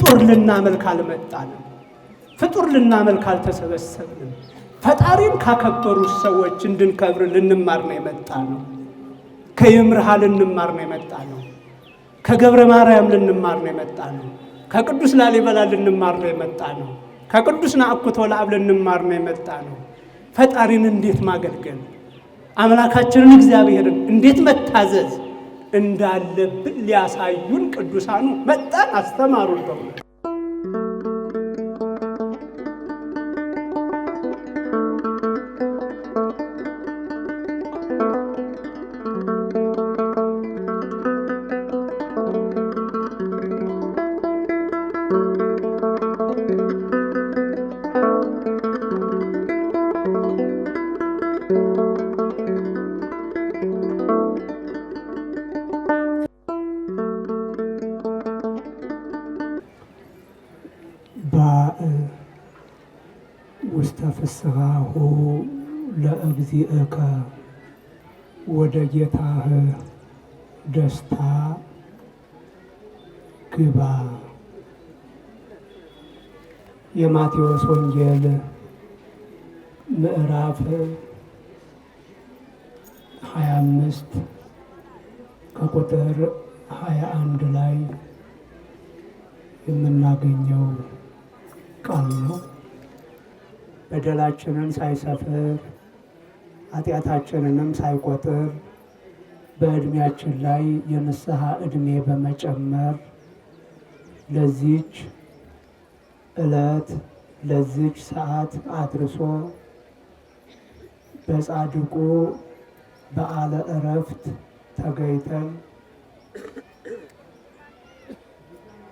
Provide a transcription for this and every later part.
ፍጡር ልናመልክ አልመጣንም። ፍጡር ልናመልክ አልተሰበሰብንም። ፈጣሪን ካከበሩት ሰዎች እንድንከብር ልንማር ነው የመጣ ነው። ከይምርሃ ልንማር ነው የመጣ ነው። ከገብረ ማርያም ልንማር ነው የመጣ ነው። ከቅዱስ ላሊበላ ልንማር ነው የመጣ ነው። ከቅዱስ ናአኩቶ ለአብ ልንማር ነው የመጣ ነው። ፈጣሪን እንዴት ማገልገል፣ አምላካችንን እግዚአብሔርን እንዴት መታዘዝ እንዳለብን ሊያሳዩን ቅዱሳኑ መጠን አስተማሩን። እግዚእከ ወደ ጌታህ ደስታ ግባ። የማቴዎስ ወንጌል ምዕራፍ 25 ከቁጥር 21 ላይ የምናገኘው ቃል ነው። በደላችንን ሳይሰፍር ኃጢአታችንንም ሳይቆጥር በእድሜያችን ላይ የንስሐ እድሜ በመጨመር ለዚች ዕለት ለዚች ሰዓት አድርሶ በጻድቁ በዓለ እረፍት ተገኝተን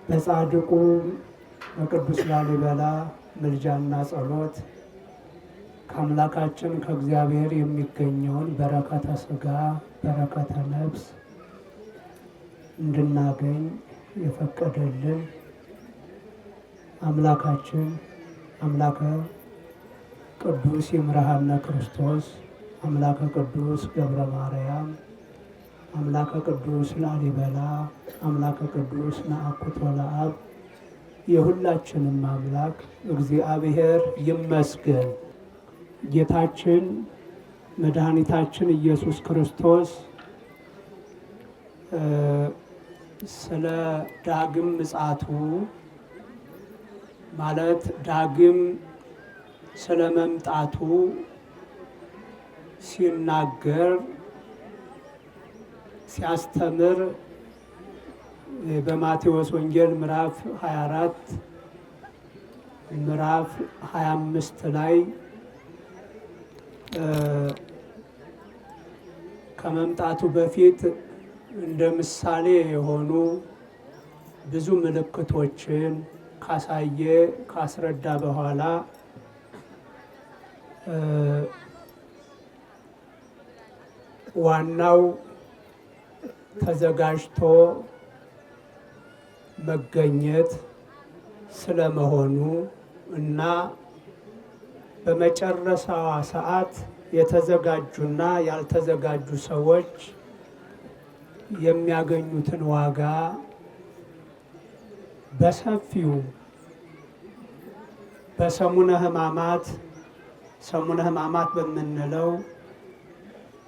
በጻድቁ በቅዱስ ላሊበላ ምልጃና ጸሎት ከአምላካችን ከእግዚአብሔር የሚገኘውን በረከተ ስጋ በረከተ ነፍስ እንድናገኝ የፈቀደልን አምላካችን አምላከ ቅዱስ ይምርሃነ ክርስቶስ አምላከ ቅዱስ ገብረ ማርያም አምላከ ቅዱስ ላሊበላ አምላከ ቅዱስ ነአኩቶ ለአብ የሁላችንም አምላክ እግዚአብሔር ይመስገን። ጌታችን መድኃኒታችን ኢየሱስ ክርስቶስ ስለ ዳግም ምጽአቱ ማለት ዳግም ስለ መምጣቱ ሲናገር ሲያስተምር በማቴዎስ ወንጌል ምዕራፍ 24 ምዕራፍ 25 ላይ ከመምጣቱ በፊት እንደ ምሳሌ የሆኑ ብዙ ምልክቶችን ካሳየ ካስረዳ በኋላ ዋናው ተዘጋጅቶ መገኘት ስለመሆኑ እና በመጨረሻ ሰዓት የተዘጋጁና ያልተዘጋጁ ሰዎች የሚያገኙትን ዋጋ በሰፊው በሰሙነ ሕማማት ሰሙነ ሕማማት በምንለው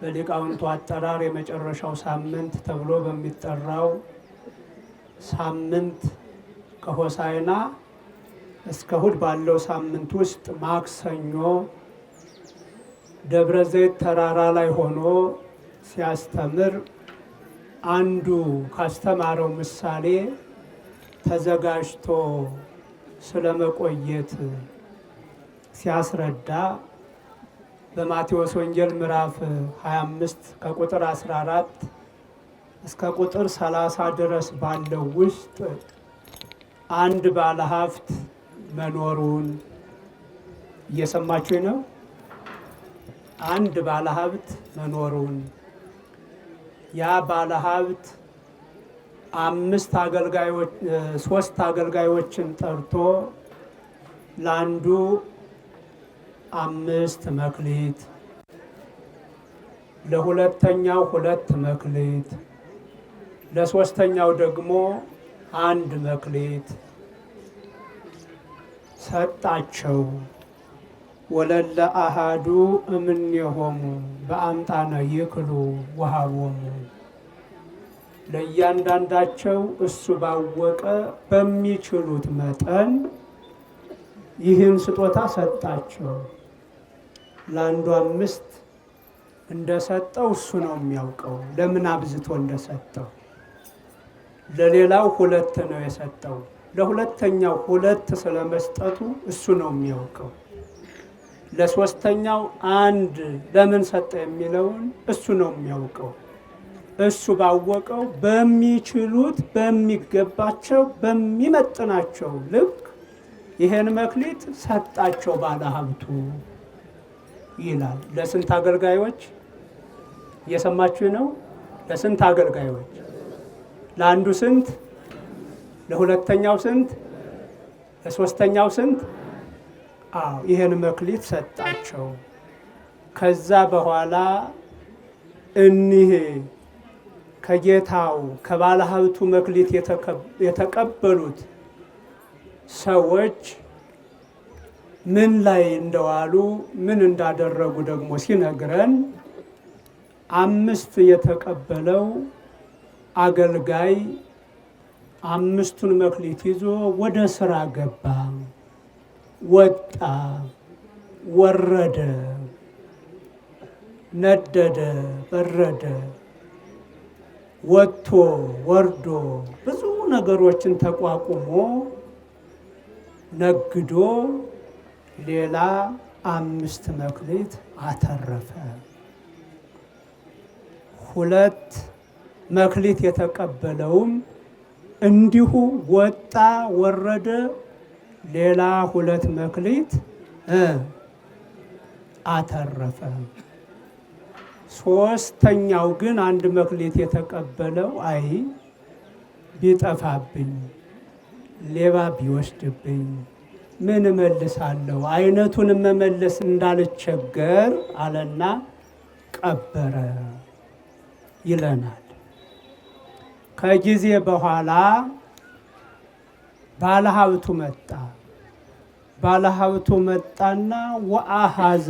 በሊቃውንቱ አጠራር የመጨረሻው ሳምንት ተብሎ በሚጠራው ሳምንት ከሆሳይና እስከ እሁድ ባለው ሳምንት ውስጥ ማክሰኞ ደብረ ዘይት ተራራ ላይ ሆኖ ሲያስተምር አንዱ ካስተማረው ምሳሌ ተዘጋጅቶ ስለመቆየት ሲያስረዳ በማቴዎስ ወንጌል ምዕራፍ 25 ከቁጥር 14 እስከ ቁጥር 30 ድረስ ባለው ውስጥ አንድ ባለሀብት መኖሩን እየሰማችሁ ነው። አንድ ባለሀብት መኖሩን ያ ባለሀብት አምስት አገልጋዮች ሶስት አገልጋዮችን ጠርቶ ለአንዱ አምስት መክሊት ለሁለተኛው ሁለት መክሊት ለሶስተኛው ደግሞ አንድ መክሊት ሰጣቸው። ወለለ አሃዱ እምኔሆሙ በአምጣነ ይክሉ ወሃቦሙ ለእያንዳንዳቸው እሱ ባወቀ በሚችሉት መጠን ይህን ስጦታ ሰጣቸው። ለአንዱ አምስት እንደሰጠው እሱ ነው የሚያውቀው፣ ለምን አብዝቶ እንደሰጠው። ለሌላው ሁለት ነው የሰጠው። ለሁለተኛው ሁለት ስለመስጠቱ እሱ ነው የሚያውቀው። ለሶስተኛው አንድ ለምን ሰጠ የሚለውን እሱ ነው የሚያውቀው። እሱ ባወቀው በሚችሉት በሚገባቸው በሚመጥናቸው ልክ ይሄን መክሊት ሰጣቸው ባለሀብቱ ይላል። ለስንት አገልጋዮች? እየሰማችሁ ነው። ለስንት አገልጋዮች? ለአንዱ ስንት ለሁለተኛው ስንት? ለሶስተኛው ስንት? አዎ ይህን መክሊት ሰጣቸው። ከዛ በኋላ እኒህ ከጌታው ከባለሀብቱ መክሊት የተቀበሉት ሰዎች ምን ላይ እንደዋሉ ምን እንዳደረጉ ደግሞ ሲነግረን አምስት የተቀበለው አገልጋይ አምስቱን መክሊት ይዞ ወደ ስራ ገባ፣ ወጣ፣ ወረደ፣ ነደደ፣ በረደ፣ ወጥቶ ወርዶ ብዙ ነገሮችን ተቋቁሞ ነግዶ ሌላ አምስት መክሊት አተረፈ። ሁለት መክሊት የተቀበለውም እንዲሁ ወጣ ወረደ ሌላ ሁለት መክሊት አተረፈ። ሶስተኛው ግን አንድ መክሊት የተቀበለው አይ ቢጠፋብኝ ሌባ ቢወስድብኝ ምን እመልሳለሁ? አይነቱን መመለስ እንዳልቸገር አለና ቀበረ ይለናል። ከጊዜ በኋላ ባለሀብቱ መጣ። ባለሀብቱ መጣና ወአሃዘ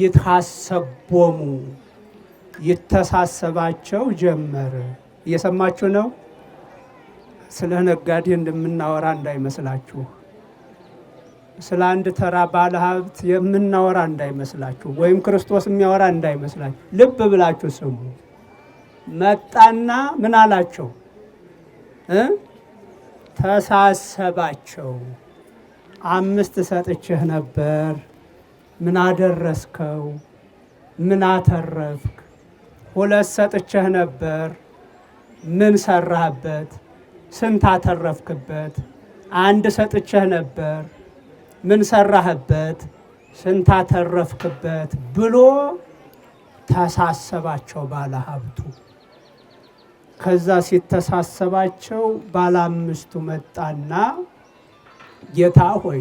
ይታሰቦሙ ይተሳሰባቸው ጀመረ። እየሰማችሁ ነው። ስለ ነጋዴ እንደምናወራ እንዳይመስላችሁ፣ ስለ አንድ ተራ ባለሀብት የምናወራ እንዳይመስላችሁ፣ ወይም ክርስቶስ የሚያወራ እንዳይመስላችሁ። ልብ ብላችሁ ስሙ። መጣና ምን አላቸው? ተሳሰባቸው። አምስት ሰጥችህ ነበር፣ ምን አደረስከው? ምን አተረፍክ? ሁለት ሰጥችህ ነበር፣ ምን ሰራህበት? ስንት አተረፍክበት? አንድ ሰጥችህ ነበር፣ ምን ሰራህበት? ስንት አተረፍክበት? ብሎ ተሳሰባቸው ባለሀብቱ። ከዛ ሲተሳሰባቸው ባለ አምስቱ መጣና ጌታ ሆይ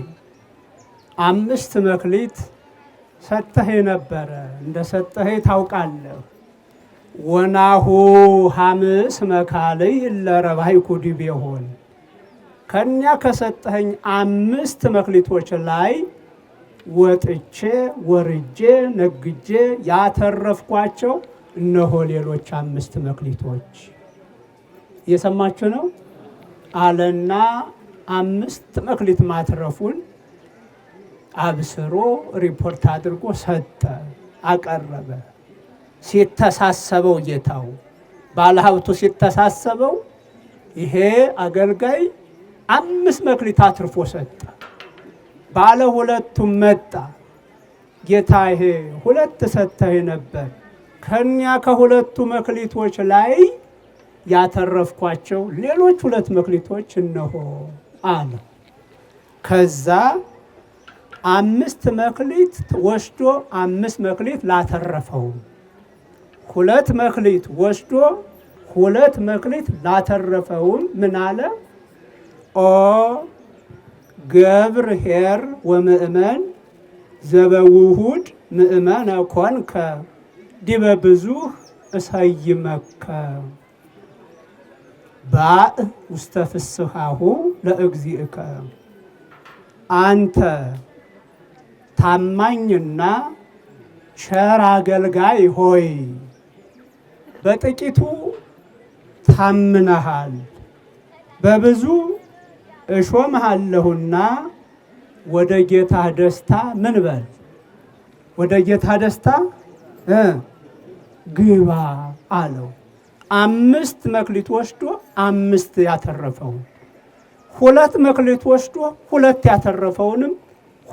አምስት መክሊት ሰጠህ ነበረ፣ እንደ ሰጠህ ታውቃለህ። ወናሁ ሐምስ መካልይ ለረባይኩ ዲቤሆን ከእኛ ከሰጠኸኝ አምስት መክሊቶች ላይ ወጥቼ ወርጄ ነግጄ ያተረፍኳቸው እነሆ ሌሎች አምስት መክሊቶች እየሰማችሁ ነው አለና አምስት መክሊት ማትረፉን አብስሮ ሪፖርት አድርጎ ሰጠ፣ አቀረበ። ሲተሳሰበው ጌታው ባለሀብቱ ሲተሳሰበው ይሄ አገልጋይ አምስት መክሊት አትርፎ ሰጠ። ባለ ሁለቱም መጣ። ጌታ ይሄ ሁለት ሰጥተህ ነበር ከኒያ ከሁለቱ መክሊቶች ላይ ያተረፍኳቸው ሌሎች ሁለት መክሊቶች እነሆ አለ። ከዛ አምስት መክሊት ወስዶ አምስት መክሊት ላተረፈው፣ ሁለት መክሊት ወስዶ ሁለት መክሊት ላተረፈውም ምን አለ? ኦ ገብር ሄር ወምእመን ዘበውሁድ ምእመነ ኮንከ ዲበ ብዙኅ እሰይመከ ባእ ውስተ ፍስሐሁ ለእግዚእከ አንተ ታማኝና ቸር አገልጋይ ሆይ በጥቂቱ ታምነሃል፣ በብዙ እሾምሃለሁና ወደ ጌታ ደስታ ምን በል ወደ ጌታ ደስታ ግባ አለው። አምስት መክሊት ወስዶ አምስት ያተረፈውን ሁለት መክሊት ወስዶ ሁለት ያተረፈውንም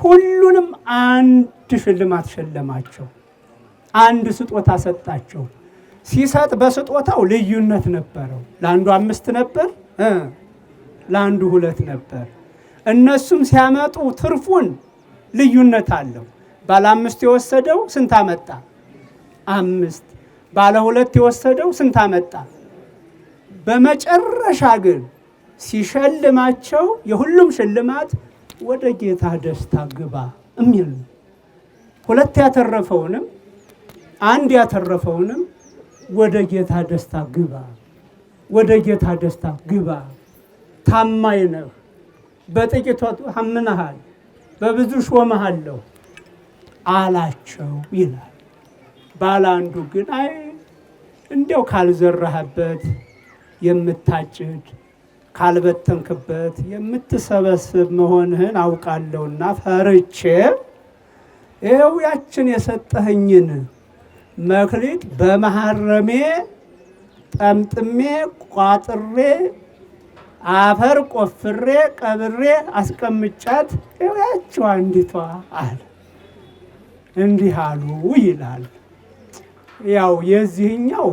ሁሉንም አንድ ሽልማት ሸለማቸው። አንድ ስጦታ ሰጣቸው። ሲሰጥ በስጦታው ልዩነት ነበረው። ለአንዱ አምስት ነበር፣ ለአንዱ ሁለት ነበር። እነሱም ሲያመጡ ትርፉን ልዩነት አለው። ባለ አምስት የወሰደው ስንት አመጣ? አምስት ባለ ሁለት የወሰደው ስንት አመጣ። በመጨረሻ ግን ሲሸልማቸው የሁሉም ሽልማት ወደ ጌታ ደስታ ግባ የሚል ነው። ሁለት ያተረፈውንም አንድ ያተረፈውንም ወደ ጌታ ደስታ ግባ፣ ወደ ጌታ ደስታ ግባ። ታማኝ ነህ፣ በጥቂቱ አምነሃል፣ በብዙ ሾመሃለሁ አላቸው ይላል። ባለ አንዱ ግን አይ እንዲያው ካልዘራህበት የምታጭድ ካልበተንክበት የምትሰበስብ መሆንህን አውቃለሁና ፈርቼ ይኸው ያችን የሰጠህኝን መክሊት በመሐረሜ ጠምጥሜ ቋጥሬ አፈር ቆፍሬ ቀብሬ አስቀምጫት ይኸው ያችዋ እንዲቷ አለ። እንዲህ አሉ ይላል። ያው የዚህኛው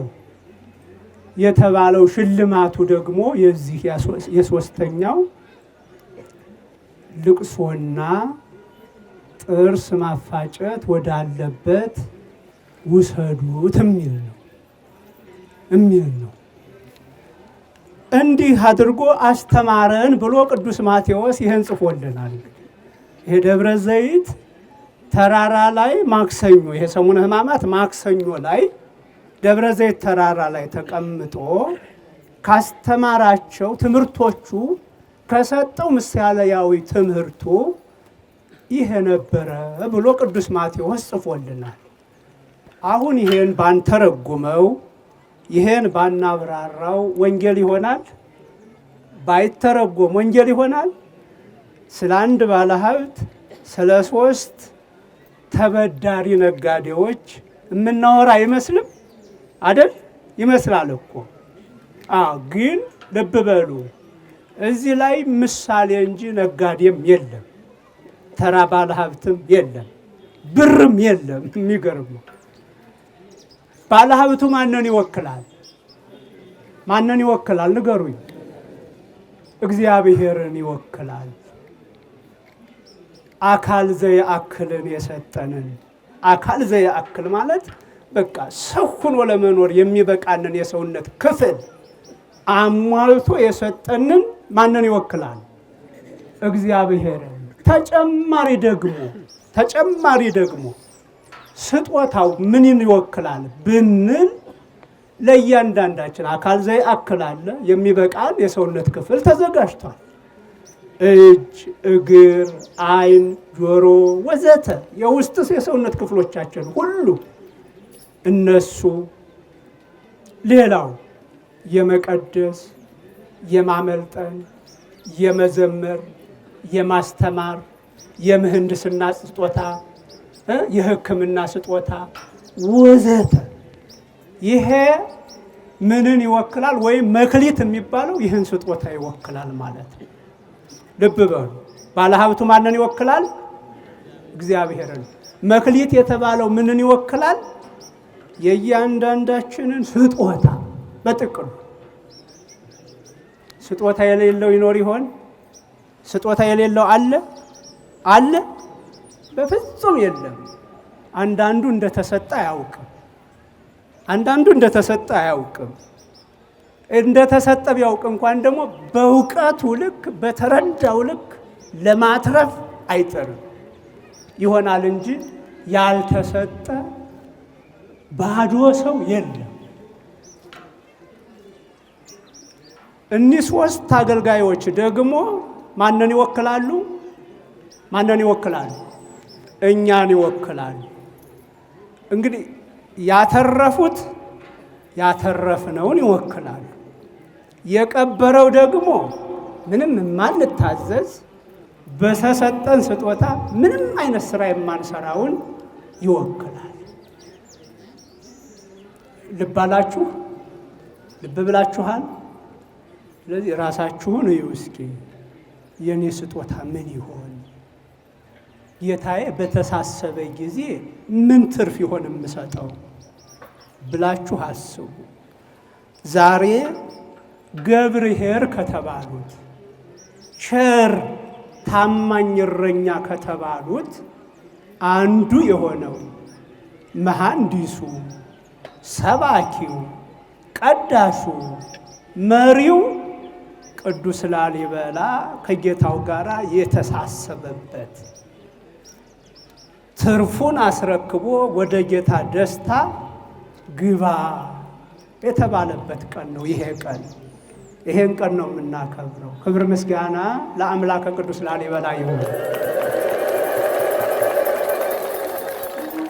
የተባለው ሽልማቱ ደግሞ የዚህ የሶስተኛው ልቅሶና ጥርስ ማፋጨት ወዳለበት ውሰዱት የሚል ነው የሚል ነው። እንዲህ አድርጎ አስተማረን ብሎ ቅዱስ ማቴዎስ ይህን ጽፎልናል። ይሄ ደብረ ዘይት ተራራ ላይ ማክሰኞ ይሄ ሰሙነ ሕማማት ማክሰኞ ላይ ደብረ ዘይት ተራራ ላይ ተቀምጦ ካስተማራቸው ትምህርቶቹ ከሰጠው ምሳሌያዊ ትምህርቱ ይሄ ነበረ ብሎ ቅዱስ ማቴዎስ ጽፎልናል። አሁን ይሄን ባንተረጉመው ይሄን ባናብራራው ወንጌል ይሆናል? ባይተረጎም ወንጌል ይሆናል? ስለ አንድ ባለሀብት ስለ ሶስት ተበዳሪ ነጋዴዎች የምናወራ አይመስልም አደል? ይመስላል እኮ ግን ልብ በሉ እዚህ ላይ ምሳሌ እንጂ ነጋዴም የለም፣ ተራ ባለ ሀብትም የለም፣ ብርም የለም። የሚገርመው ባለ ሀብቱ ማንን ይወክላል? ማንን ይወክላል? ንገሩኝ። እግዚአብሔርን ይወክላል። አካል ዘየአክልን የሰጠንን አካል ዘየአክል ማለት በቃ ሰው ሆኖ ለመኖር የሚበቃንን የሰውነት ክፍል አሟልቶ የሰጠንን ማንን ይወክላል? እግዚአብሔርን። ተጨማሪ ደግሞ ተጨማሪ ደግሞ ስጦታው ምንን ይወክላል ብንል ለእያንዳንዳችን አካል አክል አለ። የሚበቃን የሰውነት ክፍል ተዘጋጅቷል። እጅ፣ እግር፣ ፣አይን ጆሮ ወዘተ የውስጥ የሰውነት ክፍሎቻችን ሁሉ እነሱ ሌላው የመቀደስ የማመልጠን የመዘመር የማስተማር የምህንድስና ስጦታ የሕክምና ስጦታ ወዘተ ይሄ ምንን ይወክላል? ወይም መክሊት የሚባለው ይህን ስጦታ ይወክላል ማለት ነው። ልብ በሉ። ባለሀብቱ ማንን ይወክላል? እግዚአብሔርን። መክሊት የተባለው ምንን ይወክላል? የእያንዳንዳችንን ስጦታ በጥቅሉ። ስጦታ የሌለው ይኖር ይሆን? ስጦታ የሌለው አለ አለ? በፍጹም የለም። አንዳንዱ እንደተሰጠ አያውቅም። አንዳንዱ እንደተሰጠ አያውቅም። እንደተሰጠ ቢያውቅ እንኳን ደግሞ በእውቀቱ ልክ በተረዳው ልክ ለማትረፍ አይጥርም ይሆናል እንጂ ያልተሰጠ ባዶ ሰው የለም። እኒህ ሶስት አገልጋዮች ደግሞ ማንን ይወክላሉ? ማንን ይወክላሉ? እኛን ይወክላሉ። እንግዲህ ያተረፉት ያተረፍነውን ይወክላሉ። የቀበረው ደግሞ ምንም የማንታዘዝ በተሰጠን ስጦታ ምንም አይነት ስራ የማንሰራውን ይወክላል። ልባላችሁ ልብ ብላችኋል? ስለዚህ ራሳችሁን እዩ እስኪ። የእኔ ስጦታ ምን ይሆን? ጌታዬ በተሳሰበ ጊዜ ምን ትርፍ ይሆን የምሰጠው ብላችሁ አስቡ ዛሬ ገብርሄር ከተባሉት ቸር ታማኝ እረኛ ከተባሉት አንዱ የሆነው መሐንዲሱ፣ ሰባኪው፣ ቀዳሹ፣ መሪው ቅዱስ ላሊበላ ከጌታው ጋር የተሳሰበበት ትርፉን አስረክቦ ወደ ጌታ ደስታ ግባ የተባለበት ቀን ነው ይሄ ቀን። ይሄን ቀን ነው የምናከብረው። ክብር ምስጋና ለአምላከ ቅዱስ ላሊበላ ይሁን።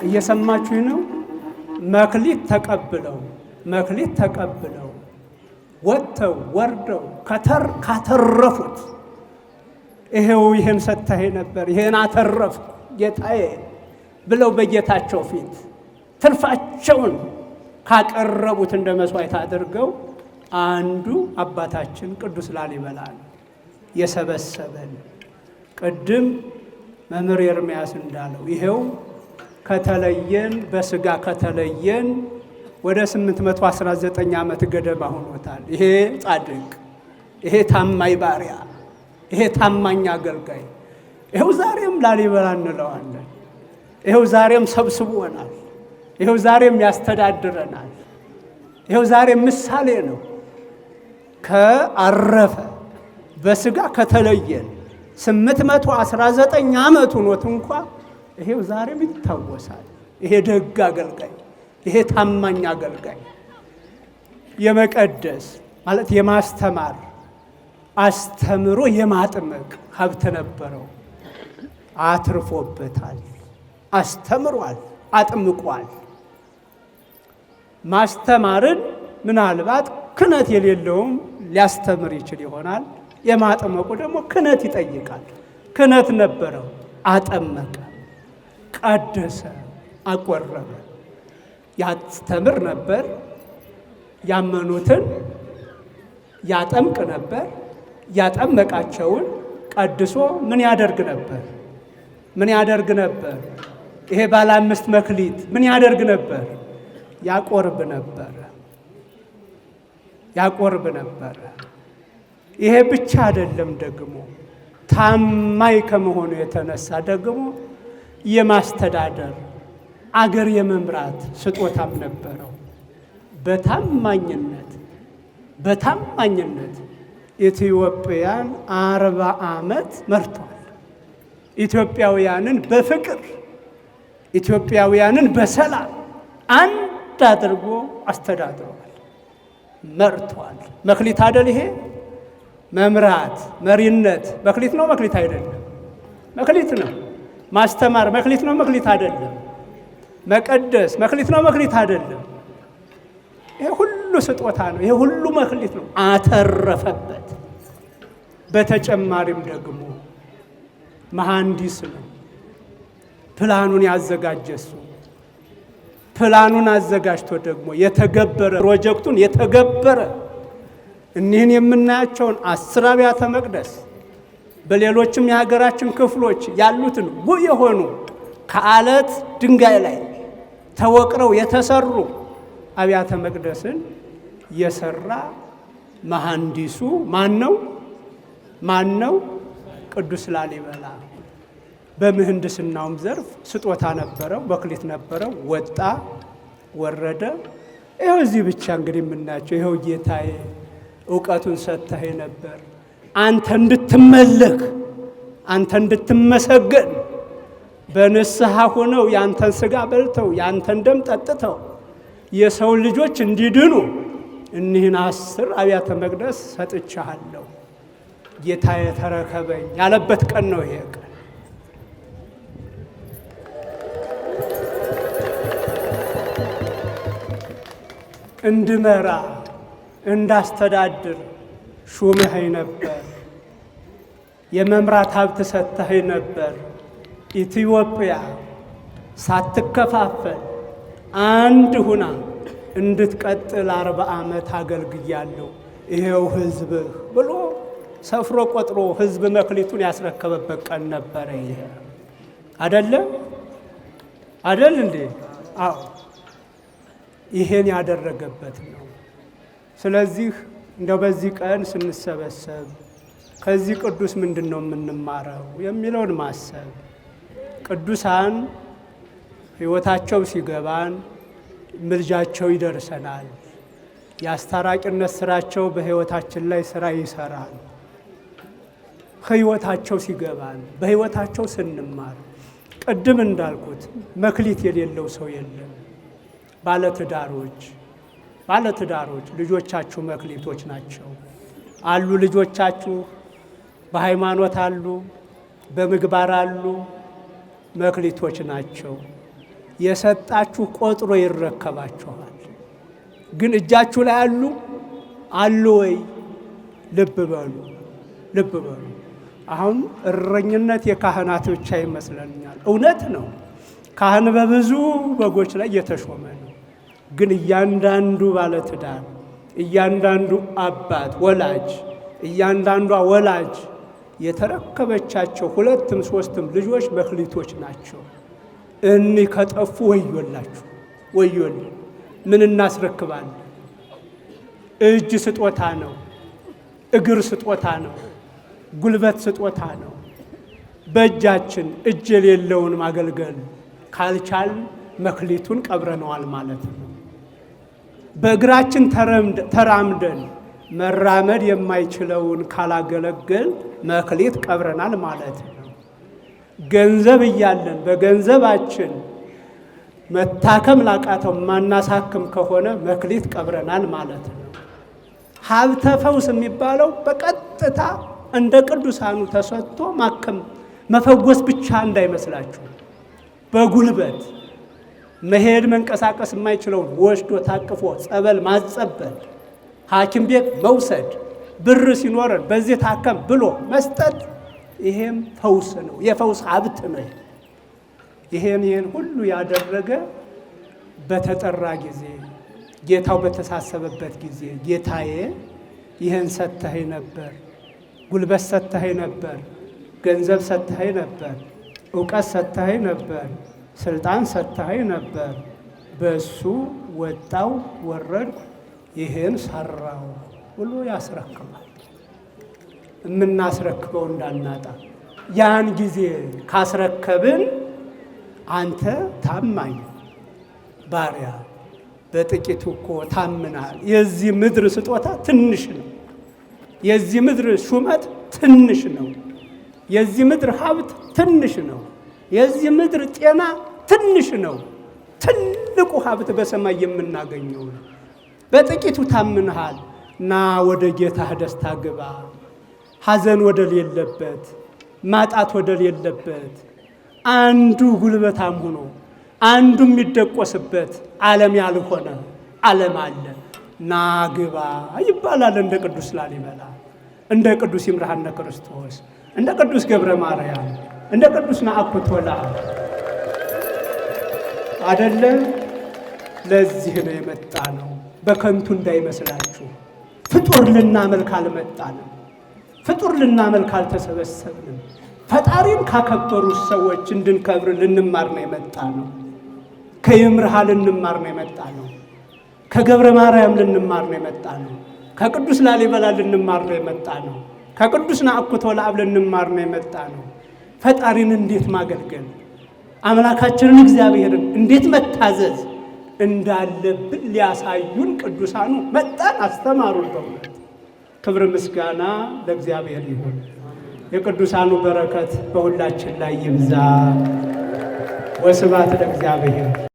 እየሰማችሁ ነው። መክሊት ተቀብለው መክሊት ተቀብለው ወጥተው ወርደው ከተር ካተረፉት ይሄው ይሄን ሰጥተኸኝ ነበር ይሄን አተረፍኩ ጌታዬ ብለው በጌታቸው ፊት ትርፋቸውን ካቀረቡት እንደ መስዋዕት አድርገው አንዱ አባታችን ቅዱስ ላሊበላ የሰበሰበን ቅድም መምህር ኤርምያስ እንዳለው ይሄው ከተለየን በስጋ ከተለየን ወደ 819 ዓመት ገደማ ሆኖታል። ይሄ ጻድቅ፣ ይሄ ታማኝ ባሪያ፣ ይሄ ታማኝ አገልጋይ ይኸው ዛሬም ላሊበላ እንለዋለን። ይኸው ዛሬም ሰብስቦናል። ይኸው ዛሬም ያስተዳድረናል። ይኸው ዛሬም ምሳሌ ነው። ከአረፈ በስጋ ከተለየን 819 ዓመቱ ኖት እንኳ ይሄው ዛሬም ይታወሳል። ይሄ ደግ አገልጋይ፣ ይሄ ታማኝ አገልጋይ የመቀደስ ማለት የማስተማር አስተምሮ የማጥመቅ ሀብት ነበረው። አትርፎበታል። አስተምሯል፣ አጥምቋል። ማስተማርን ምናልባት ክነት የሌለውም ሊያስተምር ይችል ይሆናል። የማጥመቁ ደግሞ ክህነት ይጠይቃል። ክህነት ነበረው። አጠመቀ፣ ቀደሰ፣ አቆረበ። ያስተምር ነበር። ያመኑትን ያጠምቅ ነበር። ያጠመቃቸውን ቀድሶ ምን ያደርግ ነበር? ምን ያደርግ ነበር? ይሄ ባለ አምስት መክሊት ምን ያደርግ ነበር? ያቆርብ ነበር። ያቆርብ ነበር። ይሄ ብቻ አይደለም፣ ደግሞ ታማኝ ከመሆኑ የተነሳ ደግሞ የማስተዳደር አገር የመምራት ስጦታም ነበረው። በታማኝነት በታማኝነት ኢትዮጵያን አርባ ዓመት መርቷል። ኢትዮጵያውያንን በፍቅር ኢትዮጵያውያንን በሰላም አንድ አድርጎ አስተዳድሯል። መርቷል። መክሊት አደል ይሄ መምራት መሪነት መክሊት ነው። መክሊት አይደለም መክሊት ነው። ማስተማር መክሊት ነው። መክሊት አይደለም። መቀደስ መክሊት ነው። መክሊት አይደለም። ይሄ ሁሉ ስጦታ ነው። ይሄ ሁሉ መክሊት ነው። አተረፈበት። በተጨማሪም ደግሞ መሐንዲስ ነው። ፕላኑን ያዘጋጀ እሱ ፕላኑን አዘጋጅቶ ደግሞ የተገበረ ፕሮጀክቱን የተገበረ እኒህን የምናያቸውን አስር አብያተ መቅደስ በሌሎችም የሀገራችን ክፍሎች ያሉትን ውብ የሆኑ ከአለት ድንጋይ ላይ ተወቅረው የተሰሩ አብያተ መቅደስን የሰራ መሐንዲሱ ማን ነው? ማን ነው? ቅዱስ ላሊበላ በምህንድስናውም ዘርፍ ስጦታ ነበረው፣ በክሊት ነበረው። ወጣ ወረደ። ይኸው እዚህ ብቻ እንግዲህ የምናያቸው ይኸው ጌታዬ እውቀቱን ሰጥተህ ነበር አንተ እንድትመለክ አንተ እንድትመሰገን በንስሐ ሆነው የአንተን ስጋ በልተው የአንተን ደም ጠጥተው የሰው ልጆች እንዲድኑ እኒህን አስር አብያተ መቅደስ ሰጥቻሃለሁ ጌታዬ ተረከበኝ ያለበት ቀን ነው ይሄ እንድመራ እንዳስተዳድር ሹመኸኝ ነበር። የመምራት ሀብት ሰጥተኸኝ ነበር። ኢትዮጵያ ሳትከፋፈል አንድ ሁና እንድትቀጥል አርባ ዓመት አገልግያለሁ ይሄው ህዝብህ ብሎ ሰፍሮ ቆጥሮ ህዝብ መክሊቱን ያስረከበበት ቀን ነበረ። ይሄ አደለ አደል እንዴ? አዎ ይሄን ያደረገበት ነው። ስለዚህ እንደ በዚህ ቀን ስንሰበሰብ ከዚህ ቅዱስ ምንድን ነው የምንማረው የሚለውን ማሰብ ቅዱሳን ሕይወታቸው ሲገባን ምልጃቸው ይደርሰናል። የአስታራቂነት ስራቸው በሕይወታችን ላይ ስራ ይሰራል። ሕይወታቸው ሲገባን በሕይወታቸው ስንማር ቅድም እንዳልኩት መክሊት የሌለው ሰው የለም። ባለትዳሮች ባለትዳሮች ልጆቻችሁ መክሊቶች ናቸው አሉ። ልጆቻችሁ በሃይማኖት አሉ፣ በምግባር አሉ፣ መክሊቶች ናቸው። የሰጣችሁ ቆጥሮ ይረከባችኋል። ግን እጃችሁ ላይ አሉ አሉ ወይ? ልብ በሉ፣ ልብ በሉ። አሁን እረኝነት የካህናት ብቻ ይመስለኛል። እውነት ነው፣ ካህን በብዙ በጎች ላይ እየተሾመ ነው። ግን እያንዳንዱ ባለትዳር እያንዳንዱ አባት ወላጅ እያንዳንዷ ወላጅ የተረከበቻቸው ሁለትም ሶስትም ልጆች መክሊቶች ናቸው። እኒህ ከጠፉ ወዮላችሁ፣ ወዮል ምን እናስረክባለን? እጅ ስጦታ ነው፣ እግር ስጦታ ነው፣ ጉልበት ስጦታ ነው። በእጃችን እጅ የሌለውን ማገልገል ካልቻል መክሊቱን ቀብረነዋል ማለት ነው። በእግራችን ተራምደን መራመድ የማይችለውን ካላገለገል መክሊት ቀብረናል ማለት ነው። ገንዘብ እያለን በገንዘባችን መታከም ላቃተው ማናሳክም ከሆነ መክሊት ቀብረናል ማለት ነው። ሀብተ ፈውስ የሚባለው በቀጥታ እንደ ቅዱሳኑ ተሰጥቶ ማከም መፈወስ ብቻ እንዳይመስላችሁ በጉልበት መሄድ መንቀሳቀስ የማይችለውን ወስዶ ታቅፎ ጸበል ማጸበል፣ ሐኪም ቤት መውሰድ፣ ብር ሲኖረን በዚህ ታከም ብሎ መስጠት፣ ይሄም ፈውስ ነው። የፈውስ ሀብት ነው። ይሄን ይሄን ሁሉ ያደረገ በተጠራ ጊዜ ጌታው በተሳሰበበት ጊዜ ጌታዬ ይህን ሰተኸኝ ነበር፣ ጉልበት ሰተኸኝ ነበር፣ ገንዘብ ሰተኸኝ ነበር፣ እውቀት ሰተኸኝ ነበር ስልጣን ሰጥተኸኝ ነበር፣ በሱ ወጣው ወረድኩ፣ ይህን ሰራው ብሎ ያስረክባል። የምናስረክበው እንዳናጣ ያን ጊዜ ካስረከብን አንተ ታማኝ ባሪያ በጥቂቱ እኮ ታምናል። የዚህ ምድር ስጦታ ትንሽ ነው። የዚህ ምድር ሹመት ትንሽ ነው። የዚህ ምድር ሀብት ትንሽ ነው። የዚህ ምድር ጤና ትንሽ ነው። ትልቁ ሀብት በሰማይ የምናገኘው ነው። በጥቂቱ ታምንሃል ና ወደ ጌታህ ደስታ ግባ። ሐዘን ወደ ሌለበት፣ ማጣት ወደ ሌለበት፣ አንዱ ጉልበታም ሆኖ አንዱ የሚደቆስበት ዓለም ያልሆነ ዓለም አለ። ና ግባ ይባላል እንደ ቅዱስ ላሊበላ፣ እንደ ቅዱስ ይምርሃነ ክርስቶስ፣ እንደ ቅዱስ ገብረ ማርያም እንደ ቅዱስ ናአኩቶ ለአብ አደለም። ለዚህ ነው የመጣ ነው። በከንቱ እንዳይመስላችሁ ፍጡር ልናመልክ አልመጣንም። ፍጡር ልናመልክ አልተሰበሰብንም። ፈጣሪን ካከበሩት ሰዎች እንድንከብር ልንማር ነው የመጣ ነው። ከይምርሃ ልንማር ነው የመጣ ነው። ከገብረ ማርያም ልንማር ነው የመጣ ነው። ከቅዱስ ላሊበላ ልንማር ነው የመጣ ነው። ከቅዱስ ናአኩቶ ለአብ ልንማር ነው የመጣ ነው። ፈጣሪን እንዴት ማገልገል አምላካችንን እግዚአብሔርን እንዴት መታዘዝ እንዳለብን ሊያሳዩን ቅዱሳኑ መጣን፣ አስተማሩን። በእውነት ክብር ምስጋና ለእግዚአብሔር ይሁን። የቅዱሳኑ በረከት በሁላችን ላይ ይብዛ። ወስብሐት ለእግዚአብሔር።